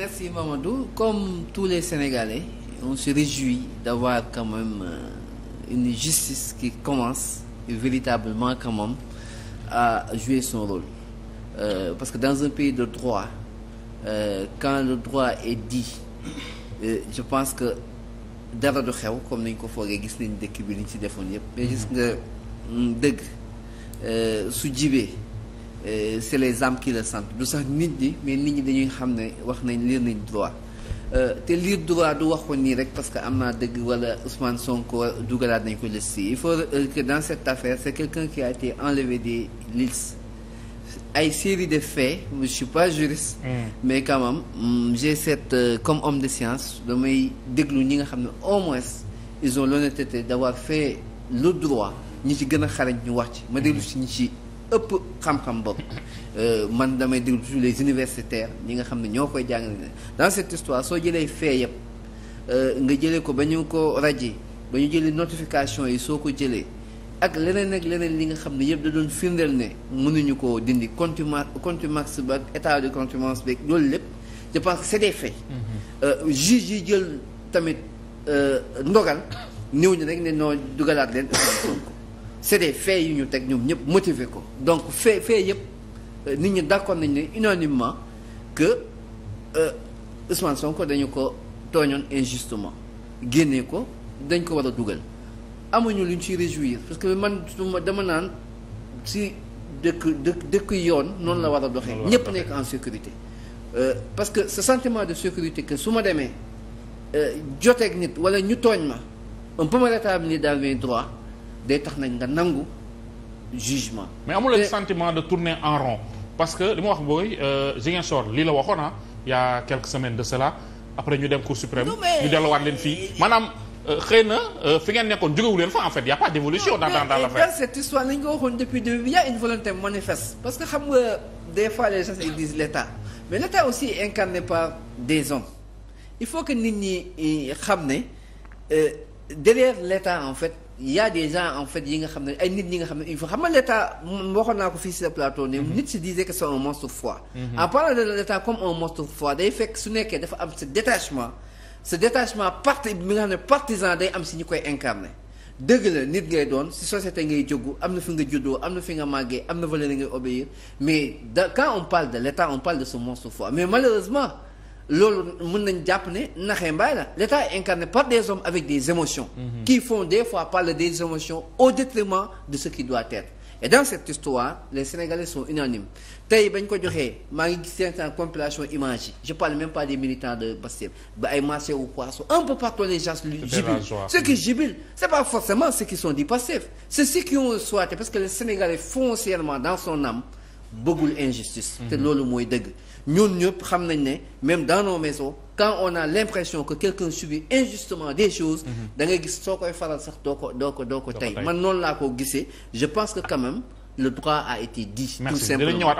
merci Mamadou comme tous les Sénégalais on se réjouit d'avoir quand même euh, une justice qui commence véritablement quand même à jouer son rôle euh, parce que dans un pays de droit euh, quand le droit est dit euh, je pense que dara du xew comme nañ ko foogee gis nañ dëkk bi liñ ci defoon yëpp mais gis nga mm, dëgg su jibee Euh, c'est les âmes qui le du sax nit ñi mais nit ñi dañuy xam ne wax nañ lire nañ droit euh, te lire droit du wax ko nii rek parce que am na dëgg wala Ousmane Sonko dugalaat nañ ko liste yi il faut euh, que dans cette affaire c'est quelqu'un qui a été enlevé des listes ay série de faits je suis pas juriste mm. mais quand même mm, j'ai cette comme homme de science damay déglu ñi nga xam ne au moins ils ont l'honnêteté d'avoir fait le droit ñi ci gën a xarañ ñu wax ci ma déglu si ñi ci ëpp xam-xam bokk euh, man damay déglu toujours les universitaires ñi nga xam ne ñoo koy jàngale dans cette histoire soo jëlee fee yëpp euh, nga jëlee ko ba ñu ko raje ba ñu jëlee notification yi soo ko jëlee ak leneen ak leneen li nga xam ne yëpp da doon firndeel ne mënuñu koo dindi contumace contumace ba état de contumace beeg loolu lépp je pense que c'est des faits. Mm-hmm. Euh, juge yi jël tamit ndogal néew ñu rek ne noo dugalaat leen c'est des faits yu ñu teg ñoom ñëpp motiver ko donc fait fait yëpp euh, nit ñi d'accord nañ ne unanimement que euh, Ousmane Sonko dañu ko tooñoon injustement génne ko dañ ko war a dugal amuñu luñ ciy réjouir parce que man dama naan si dëkk dëkk dëkk yoon noonu la war a doxe ñëpp nekk en sécurité euh, parce que ce sentiment de sécurité que su ma demee joteeg nit wala ñu tooñ ma on peut me rétablir dans mes droits day tax nañ nga nangu jugement. mais amul le sentiment de tourner en rond parce que li ma wax booy euh, Ziguinchor lii la waxoon ah il quelques semaines de cela après ñu dem Cour suprême. ñu delluwaat leen fii maanaam. Euh, xëy na euh, fi ngeen nekkoon jógewu leen fa en fait y' a pas d' évolution. dans dans l' affaire dans cette histoire li ñu ko waxoon depuis a une volonté parce que xam nga des fois les gens ils mais l' état aussi est incarné par des hommes il faut que nit ñi xam ne derrière l' état en y a des gens en fait yi nga xam ne ay nit ñi nga xam ne il faut xam nga l'état waxoon naa ko fii si plateau ne mhm. nit si disait que c'est un monstre froid mhm. en parlant de l'état comme un monstre froid day fekk su nekkee dafa am ce détachement ce détachement parti bi nga xam ne partisan day am si ñu koy incarné dëgg la nit ngay doon si société ngay jógu am na fi nga juddoo am na fi nga màggee am na valeur ngay obéir mais da quand on parle de l'état on parle de ce loolu mën nañ jàpp ne naxee mbaay la l'État est par des hommes avec des émotions mm qui font des fois parler des émotions au détriment de ce qui doit être et dans cette histoire les Sénégalais sont unanimes tey bañ ko joxee maa ngi gis seen compilation image yi je parle même pas des militants de Pastef ba ay marché ou poisson un peu partout les gens jubilent qui mhm. jubilent c'est pas forcément ceux qui sont du Pastef c'est ceux qui ont souhaité parce que les bëggul injustice mhm. te loolu mooy dëgg ñun ñëpp xam nañ ne même dans nos maisons quand on a l'impression que quelqu'un subit injustement des choses mhm. da ngay gis soo koy faral sax doo ko doo ko doo ko tey man noonu laa ko gisee je pense que quand le droit a été dit Merci. tout simplement